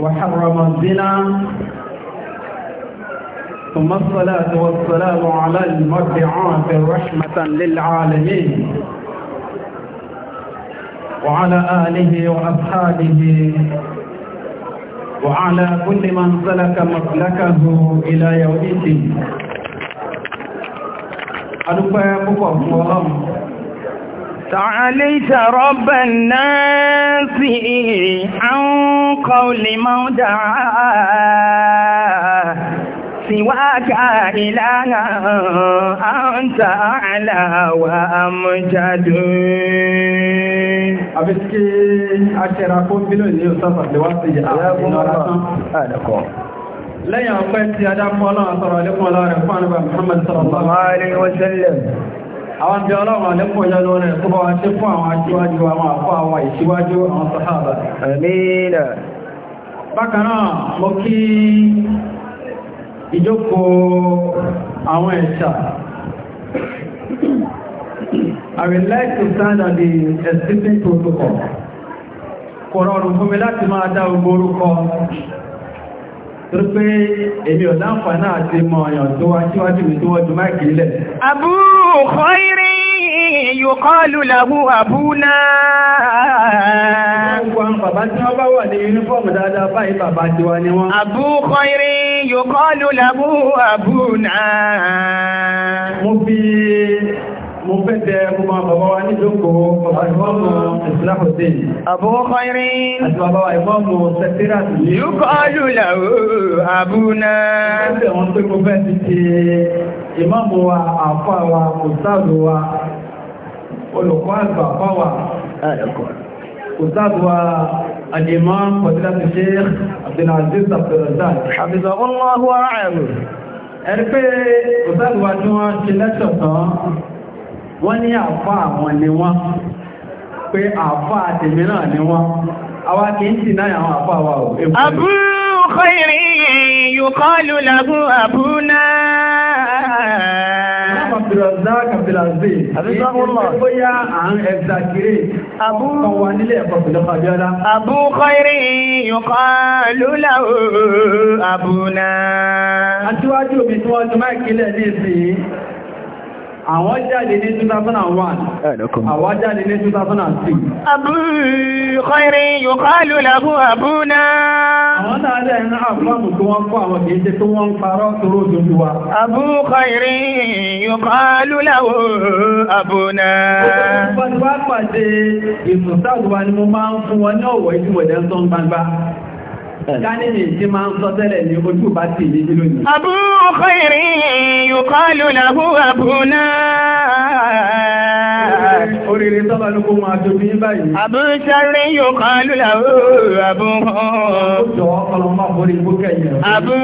وحرم الزنا ثم الصلاة والسلام على المرضعات رحمة للعالمين وعلى آله وأصحابه وعلى كل من سلك مسلكه إلى يوم الدين تعاليت رب الناس عن قول من دعا سواك إلها أنت أعلى وأمجد Àbíkí aṣẹ́ra kó bílò ní òsàfà lè wá sí ìyàwó Lẹ́yìn ọpẹ́ tí a dá fún ọlọ́run sọ̀rọ̀ lẹ́kùn fún àníbà Muhammad sallallahu alaihi wasallam àwọn bí ọlọ́run àlékún ìyọ́nú rẹ̀ tó bá wá sí fún àwọn aṣíwájú àwọn àfọ́ àwọn ìṣíwájú àwọn sàhábà. àmìnà bákan náà mo kí ìjókòó àwọn ẹ̀ṣà I would like to stand on the existing protocol. Kọ̀rọ̀rùn fún mi láti máa dá ogbórúkọ tó pé èmi ò láǹfà náà ti mọ ọ̀yàn tó wá síwájú mi tó wọ́jú máìkì ilẹ̀. Abu Khairi yuqalu lahu abuna. Wọ́n bàbá tí wọ́n wọ́n. Abu Khairi abuna. Mo mo fẹ́ tẹ mo máa bàbá wa ní ìjókòó bàbá ìmọ́mù ìsìlá hussein Abu Khairin àti bàbá wa ìmọ́mù sẹ́tíràt yóò kọ́ lùlàwó àbúná ẹgbẹ́ wọn pé mo fẹ́ ti ṣe ìmọ́mù wa àfà wa kòsáàdù wa olùkọ́ àgbà fáwà kòsáàdù wa àdìmọ́ pọ̀tíláti sheikh wa ẹ̀rí pé kòsáàdù wa tí wọ́n wọ́n ní àfá àwọn ni wọ́n pé àfá àtèmì náà ni wọ́n àwa kì í sì náà àwọn àfá wa ò Abu Khairi yuqalu lahu abuna Abdulrazak Abdulaziz. Bóyá à ń ẹ̀zàkiri. Àbú kan wà nílé abuna. Àtiwájú omi tí wọ́n jọ máa kílẹ̀ ní àwọn jáde ní 2001 àwọn jáde ní 2003 Abu Khayri yuqalu lahu abuna àwọn náà ní àfúlàmù tó wọ́n kọ́ àwọn kìí ṣe tó wọ́n ń parọ́ tóró òjòjú wa Abu Khayri yuqalu lahu abuna Gbogbo Gánìmì tí máa ń sọ tẹ́lẹ̀ ní ojú bá ti lè bí lónìí. Abu khairin yuqalu lahu abuna. Oríire tọ́ba ló máa Abu sharrin yuqalu lahu abuna. Abu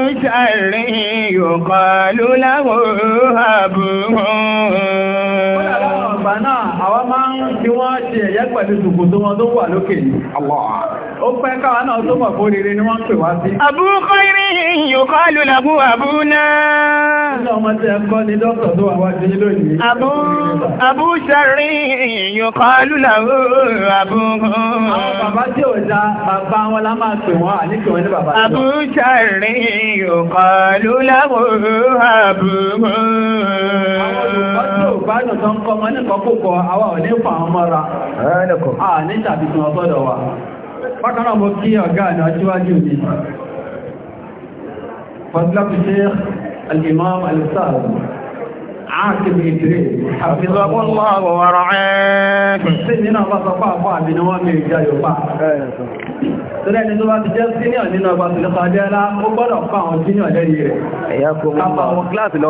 ń fi wọ́n ṣe ẹ̀yẹ́ pẹ̀lú ṣùgbọ́n tó wọn tó wà lókè. Allah ó pẹ́ káwà náà tó mọ̀ fóríire ni wọ́n pè wá sí. àbúkọ́ irin yóò kọ́ lùlàbú àbú náà. Iná ọmọ tí ẹ kọ́ ni dókítà tó wà wájú lónìí. Àbú àbú sẹ́rí yóò kọ́ lùlàbú àbú. Àwọn bàbá tí ò da bàbá wọn la máa pè wọ́n àníkè wọn ní bàbá tí wọ́n. Àbú sẹ́rí yóò kọ́ lùlàbú àbú. Àwọn olùkọ́ tí ò bá dùn tó ń kọ́ ọmọ nípa bákanáà mọ́ kí ọ̀gá àdá síwájú mi fadlatu sheikh al-imam al-ustaz عاكب إدريس حفظه الله ورعاه سنين الله صفاء فعب نوامي جاي وفاء Tọ́lẹ́ ni tó bá ti jẹ́ sínú nínú ọba tó lọ́pàá jẹ́ lá, ó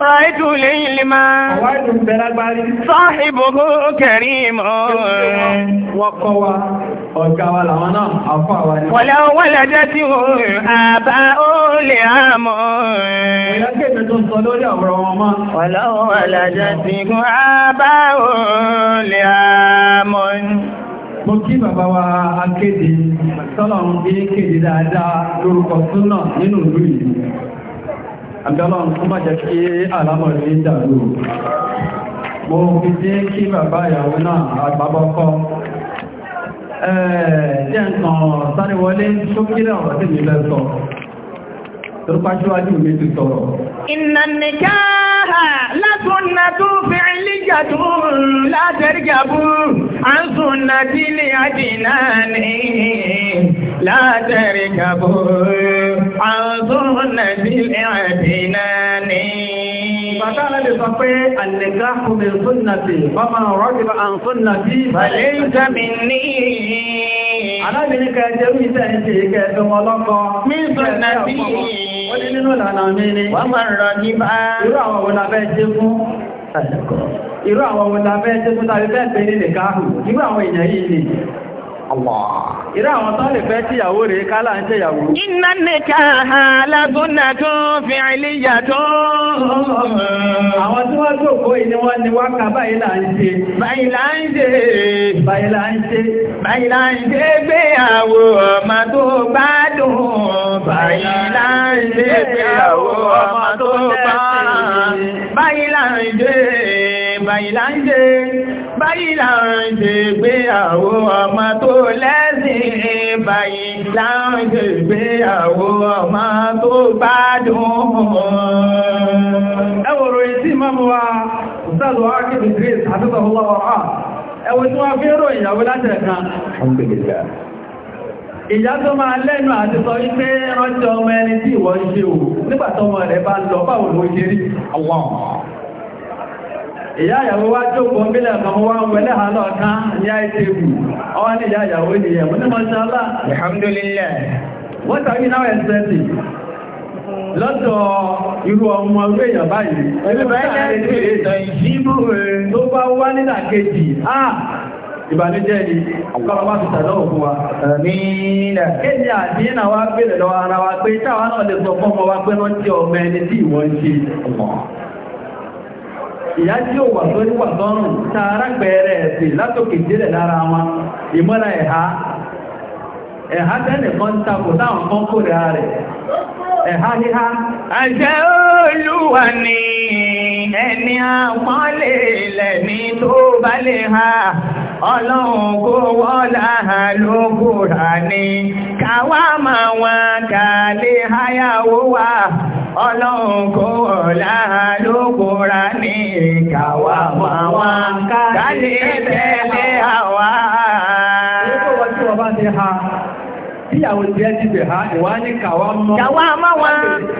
Ráìdù lẹ́yìn lè máa. Àwọn ìlú bẹ̀rẹ̀ agbárí. Sọ́hìbòhó kẹrí mọ́. Wọ́n kọ́ wa, ọ̀gá wa làwọn náà, àfọ́ àwa ni. Wọ̀lẹ́ wọ́lẹ́ jẹ́ tí ó àbá ó lè àmọ́. Mo kí bàbá wa akéde, sọ́lọ̀ ń kéde dáadáa lórúkọ súnà nínú ìlú yìí àgbàmà ń má jẹ́ kí àlámọ̀ rí ń mo fi dé kí bàbá ìyàwó náà àgbàbọ́kọ́ ẹ̀ẹ́ ẹ̀ẹ̀kan sáréwọlé ṣókílẹ̀ ọ̀rọ̀ sí mi lẹ́ tó pàṣíwájú mi ti sọ̀rọ̀ ìnànìjá látúnnà tó fi ìlíjà tó látẹ̀rígàbú àǹsùn nàdílé látẹ̀rí kàbó àzọ́nà sílẹ̀ àdínà ní. Bàtà láti sọ pé àlẹ́gá kùnmí súnnàtì, bọ́mà rọ́gbà àn súnnàtì, bàlẹ́ ìjẹ́mi ní. Alábìnrin kẹjẹ́ mi tẹ́ẹ̀ ṣe kẹjọ́ ọlọ́kọ. Mi súnnàtì. Ó ní nínú ìlànà mi ni. Wọ́n máa rọ̀ ní bá. Irú àwọn wo la fẹ́ ṣe fún? Irú àwọn wo la fẹ́ ṣe fún tàbí fẹ́ pé ní nìkan. Irú àwọn èèyàn yìí ni. Ìrá àwọn tán lè fẹ́ tí ìyàwó rẹ̀ kálà ń tẹ ìyàwó. Iná nìkà alágúnnà tó fi àìlíyà tó. Àwọn tí wọ́n tó kó ìní wọ́n ni wá ká báyìí là ń ṣe. Báyìí là ń ṣe. Báyìí là ń ṣe. Báyìí là Báyìí là Báyìí là báyìí là ń ṣe gbéyàwó ọmọ tó lẹ́sìn báyìí là ń ṣe gbéyàwó ọmọ tó bá dùn. ẹ wò ròyìn sí mọ́mú wa ṣàlù ákìtì grace àtúntò ọlọ́wọ́ à ẹwọ́n tí wọ́n fi ń ròyìn ìyàwó látẹ̀ẹ̀kan ìyá tó máa lẹ́nu àti sọ wípé rántí ọmọ ẹni tí ìwọ ń ṣe ò nígbàtọ́mọ rẹ̀ bá lọ báwo ló ṣe rí àwọn ìyá ìyàwó wá jókòó mílẹ̀ kan wá ń wẹlé àlọ́ kan ní àìsèkù ọwá ní ìyá ìyàwó ní ẹ̀mù ní mọ́ṣálá alhamdulillah what are you now expecting lọ́dọ̀ irú ọmọ orí èèyàn báyìí tó bá wá nílà kejì ah ìbànújẹ́ ni kọ́rọ̀ wá fi tàdọ́wọ̀ fún wa àmìnà kéde àti ìnà wá gbẹ̀rẹ̀ lọ ara wa pé táwa náà lè sọ fọ́mọ wa pé rántí ọmọ ẹni tí ìwọ́n ṣe ìyá tí ó wà sórí wà sọ́rùn tààrà pẹ̀ẹ̀rẹ̀ ẹ̀sìn látòkè délẹ̀ lára wọn ìmọ́ra ẹ̀há ẹ̀há tẹ́nìkan takò táwọn kan kò rẹ̀ rẹ̀ ẹ̀há níhá àjẹ́ olúwa ni ẹni àpọ́nlé lẹ́ni tó bá lè ha ọlọ́run kó wọ́lá lókùrà ni káwàá máa wọn kà háyàwó wà ọlọ́run kò láàlú kóra ní ìkàwà wàwà kálí tẹ́lẹ̀ àwà. Ìyàwó jẹ́ ti bẹ̀ ha, ìwá ní kàwá mọ́. Kàwá mọ́ wa.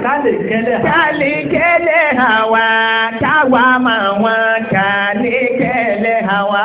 Kálí kẹ́lẹ̀ ha. Kálí kẹ́lẹ̀ ha wa. Kàwá mọ́ wa. Kálí kẹ́lẹ̀ ha wa.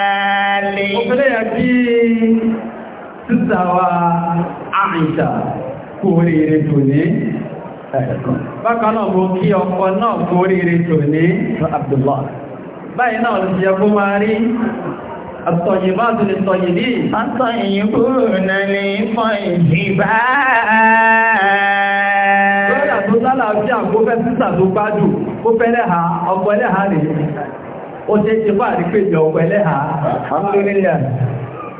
sísà wa àìsà kú oríire tò ní bákan náà mo kí ọkọ náà kú oríire tò ní Abdullah báyìí náà lè ṣe ọgbó máa rí الطيبات للطيبين الطيبون للطيبات Lọ́dà tó lálàáfíà kó fẹ́ sísà tó gbádùn, kó fẹ́ lẹ́ha, ọkọ̀ ẹlẹ́ha rẹ̀. Ó ṣe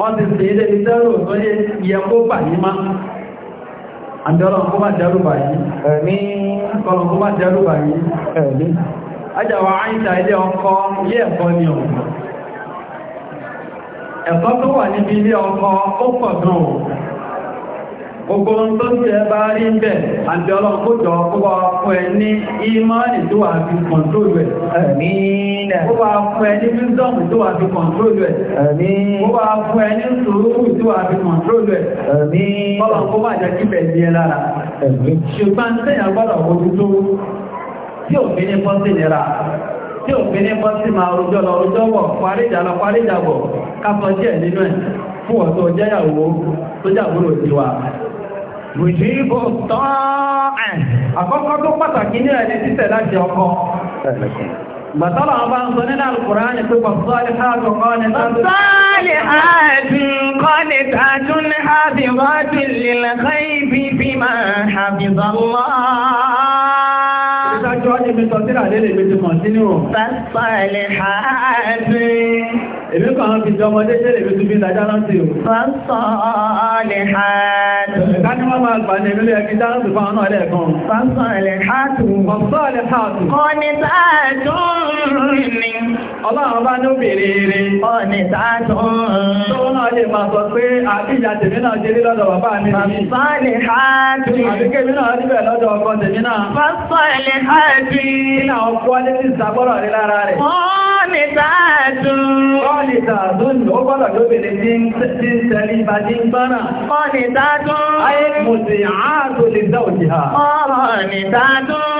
wọ́n ti sì ilé ìtẹ́rù tó yẹ kó bà ní má àbẹ́rọ̀ kó bá dẹ́rù bà yìí ẹ̀mí kọlọ̀ kó bá dẹ́rù bà yìí ẹ̀mí ajáwà àìsà ilé ọkọ ilé gbogbo ohun tó jẹ́ bá rí ń bẹ̀ àti ọlọ́pọ̀jọ púpọ̀ fún ẹ ní ìmọ́ni tó wà fi kọ̀ntróòlù ẹ̀ àmín ó wà fún ẹ ní bíńdọ̀mù tó wà fi kọ̀ntróòlù ẹ̀ àmín ó wà fún ẹ ní sùúrù tó wà fi kọ̀ntróòlù ẹ̀ àmín ọlọ́pọ̀ má jẹ́ kí bẹ̀ di ẹ lára ṣùgbọ́n tẹ́yà gbọ́dọ̀ tó tí òfin ní Mùsùlùmí tán ẹ̀. Àkọ́kọ́ tó pàtàkì ní ẹni títẹ̀ láti ọkọ. Bàtọ́lọ̀ ọba ń sọ nínú Al-Qur'an ni pé Bàtọ́lẹ̀ Háàdùn kọ́ ni tàbí. Bàtọ́lẹ̀ Háàdùn kọ́ ni tàbí ní Háàbì Rọ́dùn lílẹ̀ káìbí bí Èmi kan fi jọ ọmọdé ṣẹlẹ̀ ìrètí bí ìdájá láti ìwò. Fásọ̀ọ̀lẹ̀ hàtù. Ká ní wọ́n máa gbà ní ìrìnlẹ̀ ẹ̀kí dáná sí fáwọn náà lẹ́ẹ̀kan. Fásọ̀ọ̀lẹ̀ hàtù. Fásọ̀ọ̀lẹ̀ hàtù. Kọ́ni táàdùn ni. Ọlọ́run bá ní obìnrin rí. Kọ́ni táàdùn. sọ pé hàtù. Àbíkẹ́ mi náà rí bẹ̀ lọ́dọ̀ ọkọ rí lára rẹ̀? Kọ́ni Fọ́ọ̀lì tààdún ló gbọ́dọ̀ lóbìnrin tí ń tẹ́lí bá jí ń gbọ́nà. Fọ́ọ̀lì tààdún. Ayé mùsùn àádò lè dá òjì ha. Fọ́ọ̀lì tààdún.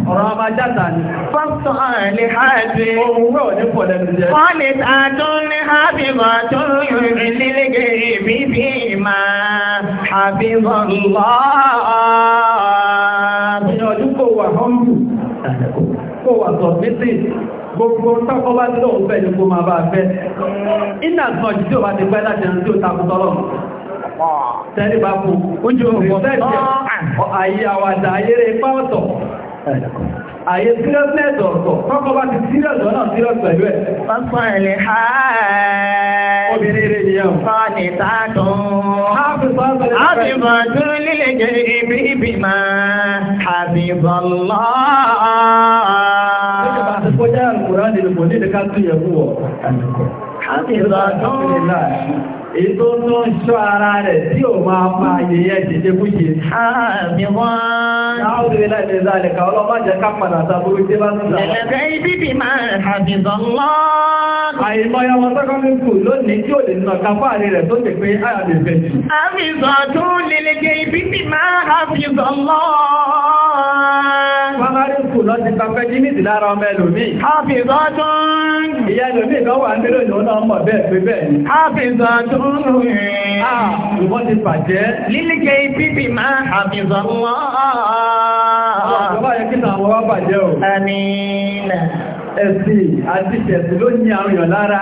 ọ̀rọ̀ ọmọ játa ni. Fọ́pùtù hàn ní Ohun wẹ́ ní pọ̀ lẹ́nu Wọ́n lè gbogbo tọ́kọ́ bá tílò ń fẹ́ kó máa bá fẹ́. iná sàn tí ó bá ti pẹ́ láti ẹran tí ó takù tọ́lọ̀ tẹ́lẹ̀ bá kú oúnjẹ òun fọ́ jẹ́ àyè àwàdà ayére ipá Àyè seriousness ọ̀tọ̀, kọ́kọ́ bá ti serious ọ̀nà serious pẹ̀lú ẹ̀. Fọ́sọ̀lẹ̀ ha obìnrin rẹ̀ yẹn. Fọ́nì tààtùn. Àbìbọ̀ èyí tó tó ń ṣọ́ ara rẹ̀ tí ò máa pa ayẹyẹ ṣẹṣẹ bú ṣe. àmì wọ́n. láwọn òṣèré láì lè ra ẹ̀ka ọlọ́mọ jẹ́ ká padà sábúrú tí bá tún sára. ẹ̀lẹ́dẹ́ ibi bí máa àbìzọ̀ lọ. àìmọye ọmọ sẹ́kọ́ndì skul lónìí tí ò lè nà kápá rẹ̀ tó nǹkan fẹ́ jí nìtì lára ọmọ ẹlòmí. Àfìsọ́tún. Ìyá ẹlòmí kan wà nílò ìlú náà mọ̀ bẹ́ẹ̀ pé bẹ́ẹ̀ ni. Àfìsọ́tún. Ah, ìwọ́n ti bàjẹ́. Lílíkẹ́ ìbíbì máa Happy wọ́n. Ọ̀pọ̀ bá yẹ kí náà wọ́n bàjẹ́ o. Àmín. Ẹ̀sìn àti ìṣẹ̀sìn ló ní àrùn yàn lára.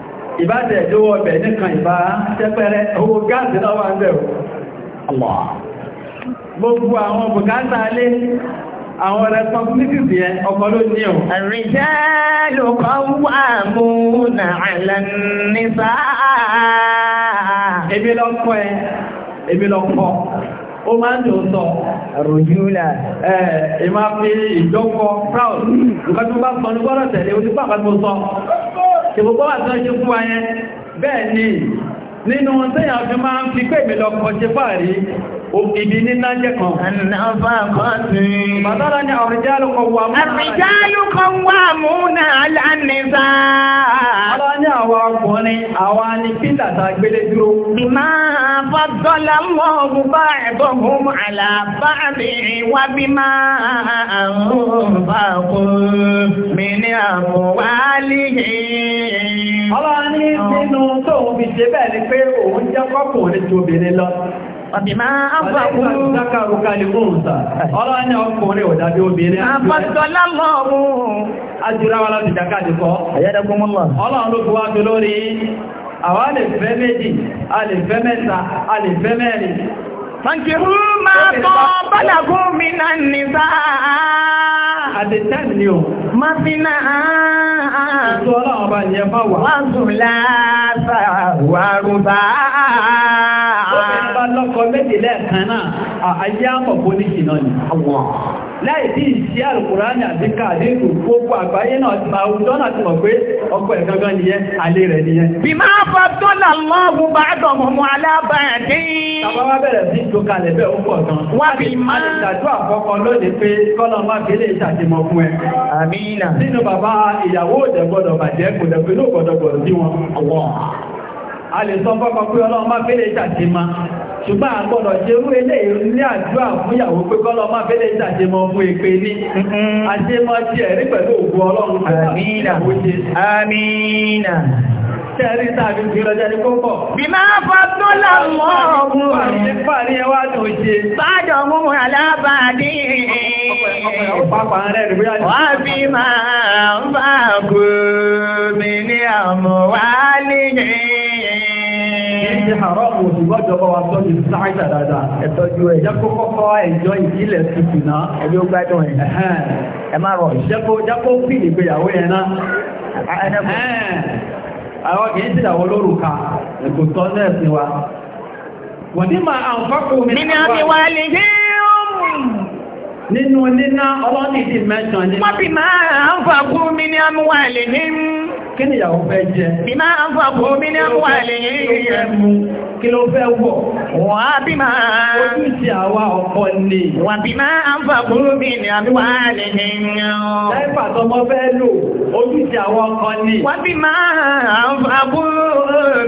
ìbájẹ̀ ìjọwọ́ ọbẹ̀ nìkan ìbá tẹ́pẹ̀rẹ owó gáàsì lọ́wọ́ ń bẹ̀rù gbogbo àwọn bùkátà alé àwọn responsibilities yẹn ní ọ̀ Ar-rijalu qawwamuna 'ala an ó máa ń lò sọ rojúlà ẹ̀ ìmáfi ìjọ́kọ̀ proud ìgbàtí ó bá sọ ní gbọ́rọ̀ tẹ̀lé ó ti pàpàtí mo sọ ìbùkọ́ wà tán ṣe fún wa yẹn bẹ́ẹ̀ ni nínú tẹ́yàn fi máa ń fi pè mí lọ kọjẹ fàárí Ibi níná jẹ́ kan. Ànàfà kan sí. Bàtàrà ni àrìjálù kan wà mú. Àrìjálù kan wà mú náà lánìsá. Bàtàrà ni àwa ọkùnrin, àwa ni Pítà ta gbélé dúró. Bìmá fọ́dọ́lá mọ́ ọ̀gùn bá ẹ̀bọ̀ hùm àlàbáàbì wá bí ní àmúwálì yìí. Ọlọ́run fi ṣe bẹ́ẹ̀ ni pé òun jẹ́ kọ́kùnrin ju obìnrin lọ. Ọ̀bìmá àfàkùn. Dákàrù kalẹ̀ oòrùsà. Ọlọ́ ẹni ọkùnrin ò dábí obìnrin. Àfàdọ́lá lọ́rùn. Àjírá wa láti dákàdì kọ́. Ẹ̀yẹ́dẹ́gbọ́mọ́lá. Ọlọ́run ló fi wá tó lórí. Àwa lè fẹ́ méjì, a lè fẹ́ mẹ́ta, a lè fẹ́ mẹ́rin. Fàǹkìrú máa tọ́ bálàgún mi náà nìta. Àdìtẹ́ni o. Máa fi náà. Ètò ọlọ́run bá yẹ fáwà. Wọ́n Obìnrin bá lọ́kọ méjì lẹ́ẹ̀kan náà, ayé àmọ̀kó ní àgbáyé náà ti máa wùdọ́ ti mọ̀ pé ọkọ ẹ̀ gangan nìyẹn, alé rẹ̀ nìyẹn. Bí máa fọ́ dọ́là lọ́wọ́ bá dọ̀mọ̀ mọ́ alábàádín. Tàbá wá bẹ̀rẹ̀ sí ìjókalẹ̀ bẹ́ẹ̀ ó pọ̀ gan. Wá bí máa. A lè ṣàdúrà lónìí pé kọ́nà máa fi lè ṣàtìmọ̀ fún ẹ. Àmín a lè sọ fọ́kọ pé ọlọ́run má fẹ́lẹ̀ ìṣàṣe ma ṣùgbọ́n àgbọ̀dọ̀ ṣe rú ilé ní àdúrà fún pé kọ́lọ́ má fẹ́lẹ̀ ìṣàṣe mọ́ fún èpè ní àṣe ẹ̀rí pẹ̀lú òkú ọlọ́run àmìnà àmìnà ìrọjẹ́ ní kókọ̀. bí máa fọ́ tó lọ́wọ́ ọ̀gbùn àti pàrí ẹwà tó ṣe. bájọ̀ mú mú alábàádé ọ̀pọ̀ ẹ̀kọ́ pàpàá rẹ̀ rí bí wá ní. wá bí máa ń bá kúrò. ìwọ́jọba wa tọ́ ní sáàìdà dáadáa. ẹ̀tọ́jú ẹ̀. jẹ́ kó kọ́kọ́ ẹ̀jọ́ ìbílẹ̀ tuntun náà. ẹbí ó gbádùn ẹ̀. ẹ má rọ̀. jẹ́ kó jẹ́ kó fi ìgbéyàwó yẹn náà. àwọn kì í ti dàwọ́ lórúkà èkó tọ́ náà sí wa. wọ́n ní máa àǹfààkù mi. mi ni a ti wá lè nínú níná ọlọ́nìdí mẹ́sàn wọ́n fi máa àǹfààkù mi ni a wa lè dé mú kí ni ìyàwó fẹ́ jẹ? Ìmá àfàbò mi ní àwọn àlèyé yẹn mú. Kí ló fẹ́ wọ̀? Wọ́n bí máa. Ojú ti àwa ọkọ ni. Wà bí máa àfàbò mi ní àwọn àlèyé yẹn. Láìpàtọ́mọ́ fẹ́ lò,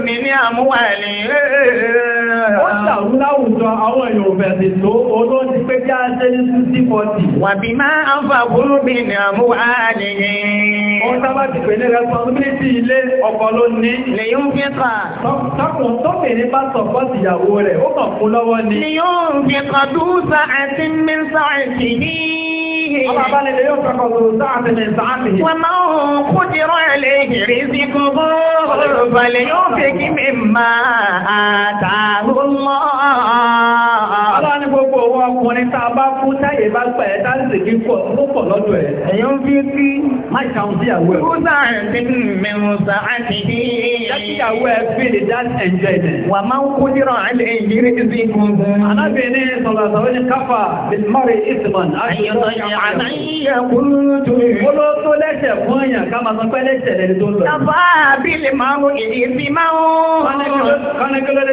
ní ní àmúwà ní eh. ó ṣàrú láwùjọ àwọn Yorùbá ti tó olóòtí pé kí a ṣe ní 60-40 wà bí máa ń fà búrú bí ní àmúwà ní Wọ́n sábà ti pè ní responsibility ilé ọkọ ló ní. Lè yóò fi kà. Tọ́kùn tóbìnrin bá sọ̀pọ̀ ìyàwó rẹ̀, ó kàn fún lọ́wọ́ ni. Lè yóò fi kà dúró sáà tí mi sáà sí ní. ومن قدر عليه رزقه فلينفق مما آتاه الله. gbogbo owó ọkùnrin tá bá kú tá táyé bá gbà ẹ́ táǹsì kí pọ̀ ló pọ̀ lọ́dọ̀ ẹ̀. ẹ̀yọ́ ń fi sí. má ṣàwọn síyàwó ẹ̀. kúrúsà ti mẹ́rùn sa àti bí. jákèyàwó ẹ fi lè dá ẹ̀jẹ̀ rẹ̀. wà máa ń kó dírọ̀ alẹ́ ìdírí sí gungun. alábìnrin sọ̀rọ̀sọ̀rọ̀ ní káfà bisimari isman. àyọ̀tọ̀ àtàyè kúrútù. olóòtú lẹ́sẹ̀ fún èèyàn ká máa san pẹ́ lẹ́sẹ̀ lẹ́ni tó lọ. káfà bílẹ̀ máa ń ìdí sí máa ń. kọ́nẹ́kẹ́lẹ́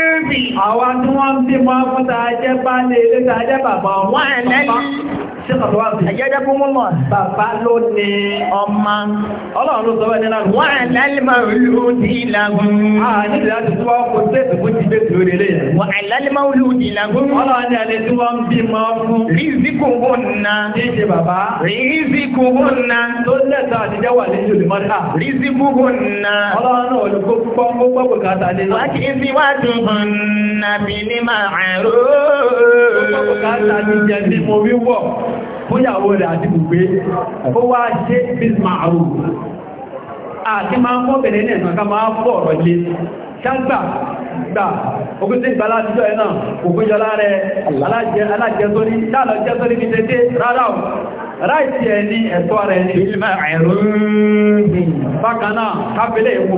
àwọn tí wọ́n ń bí mọ́ fún tàájẹ́ bá lè lé tàájẹ́ bàbá wọn. Wọ́n Àjẹ́jẹ́ fún mọ́. Bàbá ló ní ọmọ. Ọlọ́run ló sọ wẹ́ nínú àwọn. Wọ́n àlálìmọ̀ olùdí ìlàgún. Àà nílùú láti tó wá kò tẹ́sì fún ti bẹ́ẹ̀ lórí ilé yẹn. Wọ́n àlálìmọ̀ olùdí ìlàgún. Ọlọ́run ní alẹ́ tí wọ́n ń bí mọ́ fún. Rízíkù wọ̀nà. Ṣé ṣe bàbá? Rízíkù wọ̀nà. Tó lẹ́sà àtijọ́ wà lẹ́yìn olùmọ́ta. Rízíkù wọ̀nà. Ọlọ́run náà olùkó púpọ̀ ń gbọ́ bùkátà nínú. Wọ́n kì í fi wá dùn hàn nàbí ní màá rò. Bùkátà ti jẹ fúnyàwó rẹ̀ àti gbogbo ó wá ṣe bisma àrùn àti máa ń mọ́bẹ̀rẹ̀ ní ẹ̀sàn ká máa fọ́ ọ̀rọ̀ lé ṣágbà gbà ogun tí gbà látijọ́ ẹ̀nà ògbójọ́ láàrẹ alájẹ́sórí láàlọ́jẹ́sórí ní tẹ́tẹ́ rẹ̀ ní ilmẹ̀ ẹ̀rùn-ún bákanáà káfílẹ̀ ìkú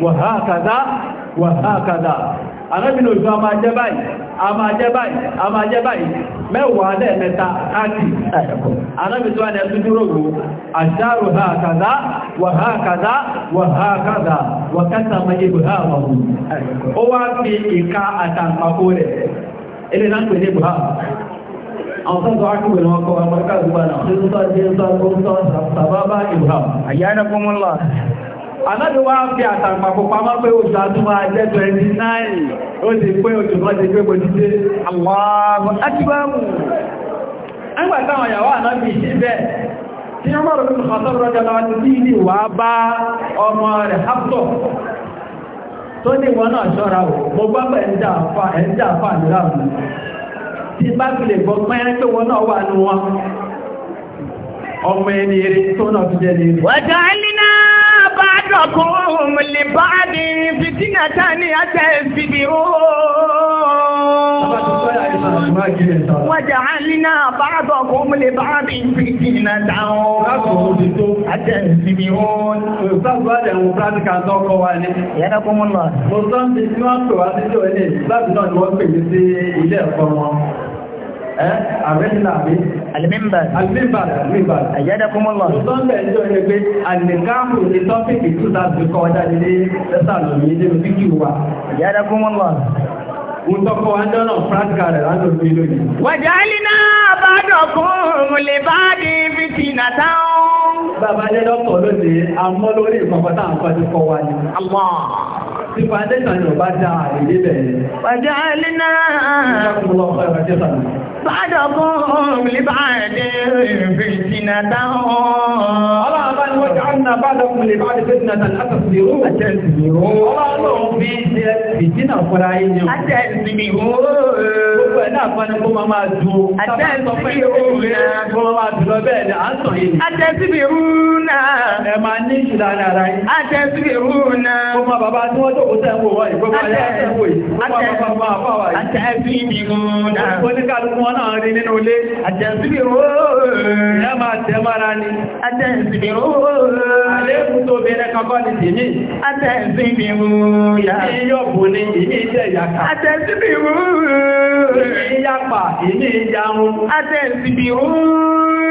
wàhákàdá wàhákàdá arábìnrin òjò a máa jẹ́ báyìí a máa jẹ́ báyìí a máa jẹ́ báyìí mẹ́wàá lẹ́ẹ̀mẹ́ta káàkì arábìnrin tó wà ní ẹ̀sùn dúró gbò àṣàrò hákàdá wàhákàdá wàhákàdá wàkátà mayé buhari ó wá fi ìka àtàǹpàkó rẹ̀ ilé náà pè ní buhari Àyánakúnmọ́lá. Ànábì wá fi àtàpàpọ̀ pamọ́ pé oṣù a ajẹ́ 29, ó ti pé oṣù kan ti pé bòjídé, àwọn akíbámù. Ẹgbà táwọn ìyàwó Ànábì síbẹ̀, tí wọ́n ti ní wà bá ọmọ rẹ̀ haptọ̀. Tó ní wọn náà ṣọ́ra wò, mo gbá pẹ̀ بعضكم لبعض فتنة أتسبرون وجعلنا بعضكم لبعض فتنة أتسبرون يرحمكم الله Eh? àmẹ́lá mi. Alimimbar. Alimimbar. Alimimbar. Àyádá kúmọ́ lọ. Tó ń pé àlìkáàmù ní tọ́pìkì tó ta fi kọ́ nílé lẹ́sà lòmí nínú fíkì wa. Àyádá kúmọ́ lọ. tọ́kọ ẹjọ́ náà Franka rẹ̀ láti ojú ìlú yìí. Wàjà Alina lè bá di fìtìnà táwọn. Bàbá Adé lọ́tọ̀ lóde, àmọ́ lórí ìkọ̀kọ̀ بعدكم لبعد فتنة الله أبان وجعلنا بعدكم لبعد فتنة أتصبرون أتصبرون الله أبان في فتنة فرعين أتصبرون Àtẹ́sìbìrúnà. Ẹ máa ní ìṣìlá ní ara yìí. Àtẹ́sìbìrúnà. Ó máa bàbá tí wọ́n tó kò tẹ́ ń wò wọ́n ìgbọ́gbọ́ ayé àtẹ́wò yìí. Ó máa wọn náà rí nínú ilé àjẹ́sìbìrò yá máa tẹ́ mara ní àjẹ́sìbìrò alẹ́kùn tó bẹ̀rẹ̀ kankọ́ ní tèmi àjẹ́sìbìrò yá yọ́bù ní ìní ìjẹ́ ìyàkà àjẹ́sìbìrò ìyàpà ìní ìyàrún àjẹ́sìbìrò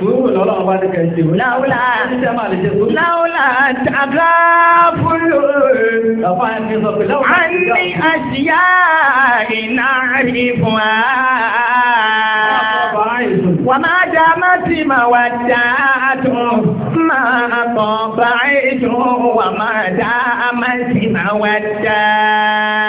Sùúrù lọ́lọ́wọ́ bá ní kẹ́ẹ̀ṣe. Láúlá. Ṣé máa lè ṣe sùúrù? Láúlá àgá fúlù. Ọ̀fà Wà máa dá máa máa wà máa bọ̀ báyìí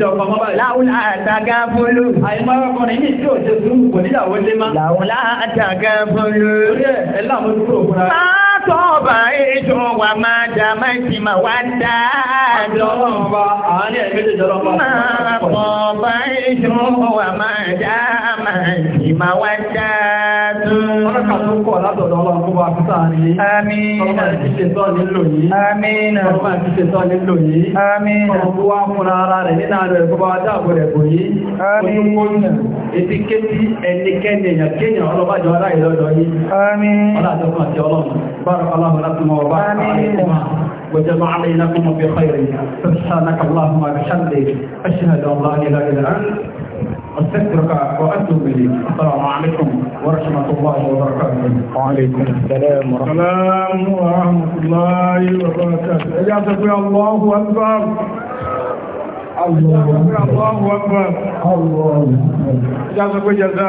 Láwùlá àtàgà fúnlú. Àìmọ́ ọkùnrin ní tí ò ṣe sùúrù kò níyàwó lé má. Láwùlá àtàgà fúnlú. Orí ẹ̀ ẹ̀ láàmú dúró òkúra. ètò wà máa dà máa ti máa wá dá. Máa pọ̀ ètò wà máa dá máa ti máa wá dá. Ọlọ́kà tó kọ̀ látọ̀dọ̀ ọlọ́run kó bá fi sáà ní. Àmín. Ọlọ́mà ti ṣe tọ́ nílò yìí. Àmín. Ọlọ́mà ti ṣe tọ́ nílò yìí. Àmín. Ọlọ́run wá múra ara rẹ̀ nínú ààrẹ kó bá dáàbò rẹ̀ bò yìí. Àmín. Ojúkóyìn, etí kéti ẹnikẹ́ni èèyàn kéèyàn ọlọ́bàjọ ará ìlọ́dọ̀ yìí. Àmín. وجمع بينكم بخير سبحانك اللهم وبحمدك أشهد أن لا إله إلا أنت أستغفرك وأتوب إليك السلام عليكم ورحمة الله وبركاته وعليكم السلام ورحمة ورحمة الله وبركاته أجازك يا الله أكبر الله أكبر الله أكبر الله أكبر